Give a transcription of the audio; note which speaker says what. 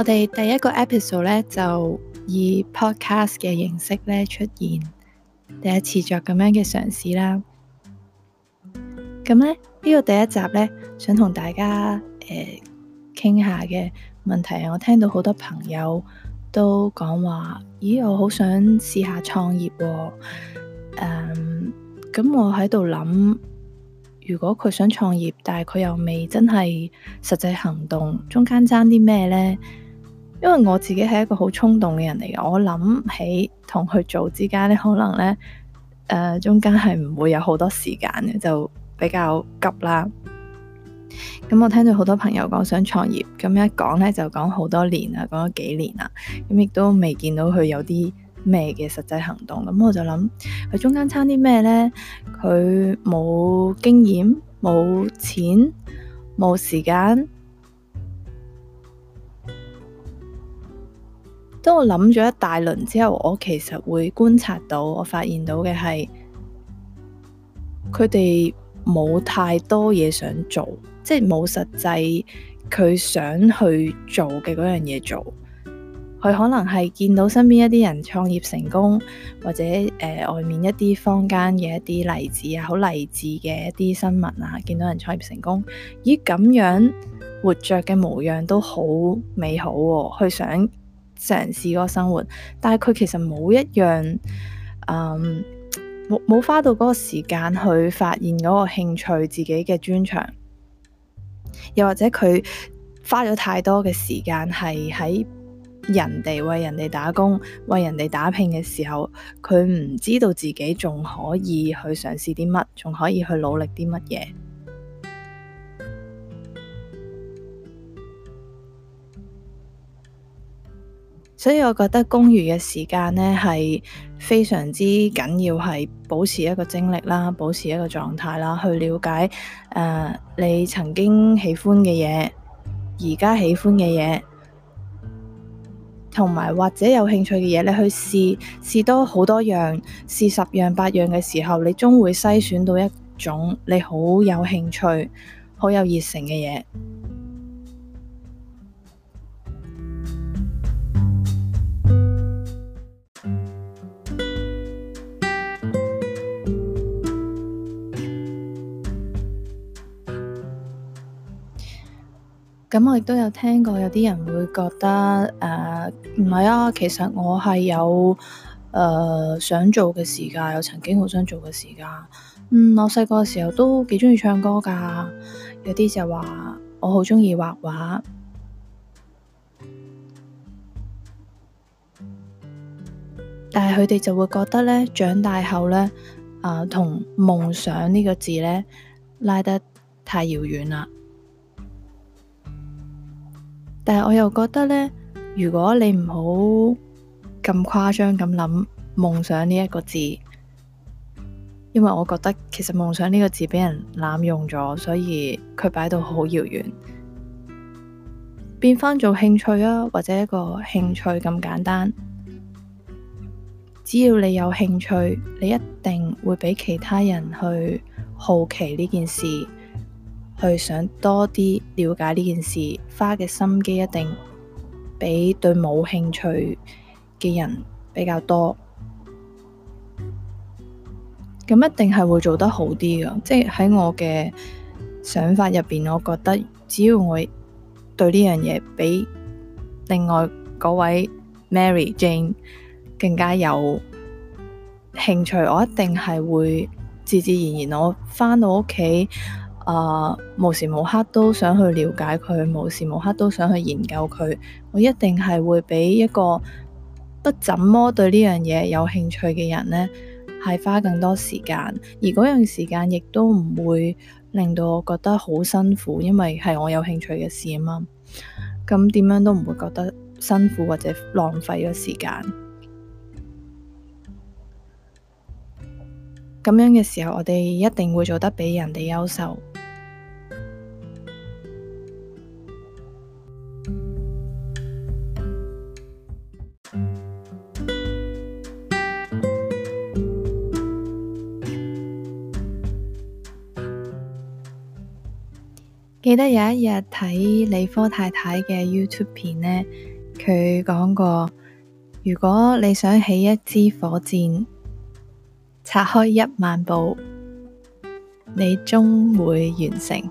Speaker 1: 我哋第一個 episode 咧就以 podcast 嘅形式咧出現，第一次着咁樣嘅嘗試啦。咁咧呢、呢個第一集咧想同大家誒傾、呃、下嘅問題，我聽到好多朋友都講話，咦，我好想試下創業、哦。誒、嗯，咁、嗯嗯、我喺度諗，如果佢想創業，但係佢又未真係實際行動，中間爭啲咩呢？因為我自己係一個好衝動嘅人嚟嘅，我諗起同佢做之間呢可能呢誒、呃、中間係唔會有好多時間嘅，就比較急啦。咁、嗯、我聽到好多朋友講想創業，咁一講呢就講好多年啦，講咗幾年啦，咁、嗯、亦都未見到佢有啲咩嘅實際行動。咁、嗯、我就諗佢中間差啲咩呢？佢冇經驗、冇錢、冇時間。當我諗咗一大輪之後，我其實會觀察到，我發現到嘅係佢哋冇太多嘢想做，即係冇實際佢想去做嘅嗰樣嘢做。佢可能係見到身邊一啲人創業成功，或者誒、呃、外面一啲坊間嘅一啲例子啊，好勵志嘅一啲新聞啊，見到人創業成功，咦咁樣活着嘅模樣都好美好，啊，佢想。嘗試嗰個生活，但係佢其實冇一樣，冇、嗯、冇花到嗰個時間去發現嗰個興趣，自己嘅專長，又或者佢花咗太多嘅時間係喺人哋為人哋打工、為人哋打拼嘅時候，佢唔知道自己仲可以去嘗試啲乜，仲可以去努力啲乜嘢。所以，我覺得公餘嘅時間呢，係非常之緊要，係保持一個精力啦，保持一個狀態啦，去了解誒、呃、你曾經喜歡嘅嘢，而家喜歡嘅嘢，同埋或者有興趣嘅嘢，你去試試多好多樣，試十樣八樣嘅時候，你總會篩選到一種你好有興趣、好有熱誠嘅嘢。咁我亦都有聽過，有啲人會覺得誒，唔、呃、係啊，其實我係有誒、呃、想做嘅時間，有曾經好想做嘅時間。嗯，我細個嘅時候都幾中意唱歌噶，有啲就話我好中意畫畫，但係佢哋就會覺得咧，長大後咧，啊、呃，同夢想呢個字咧拉得太遙遠啦。但係我又覺得呢，如果你唔好咁誇張咁諗夢想呢一個字，因為我覺得其實夢想呢個字俾人濫用咗，所以佢擺到好遙遠，變翻做興趣啊，或者一個興趣咁簡單。只要你有興趣，你一定會畀其他人去好奇呢件事。去想多啲了解呢件事，花嘅心機一定比對冇興趣嘅人比較多。咁一定係會做得好啲㗎，即係喺我嘅想法入邊，我覺得只要我對呢樣嘢比另外嗰位 Mary Jane 更加有興趣，我一定係會自自然然我，我返到屋企。啊！Uh, 無時無刻都想去了解佢，無時無刻都想去研究佢。我一定係會比一個不怎麼對呢樣嘢有興趣嘅人呢，係花更多時間，而嗰樣時間亦都唔會令到我覺得好辛苦，因為係我有興趣嘅事啊嘛。咁點樣都唔會覺得辛苦或者浪費咗時間。咁樣嘅時候，我哋一定會做得比人哋優秀。記得有一日睇理科太太嘅 YouTube 片呢，佢講過，如果你想起一支火箭，拆開一萬步，你終會完成。